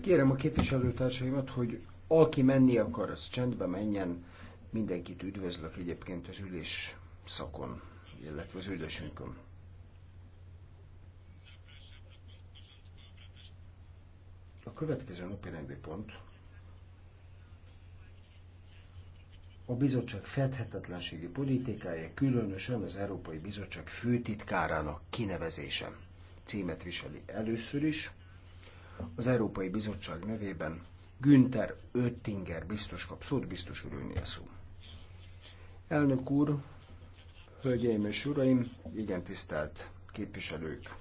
kérem a képviselőtársaimat hogy aki menni akar az csendbe menjen mindenkit üdvözlök egyébként az ülés szakon illetve az ülésünkön a következő napirendi pont a bizottság fedhetetlenségi politikája, különösen az Európai Bizottság főtitkárának kinevezése címet viseli először is. Az Európai Bizottság nevében Günther Öttinger biztos kap szót, biztos a szó. Elnök úr, hölgyeim és uraim, igen tisztelt képviselők!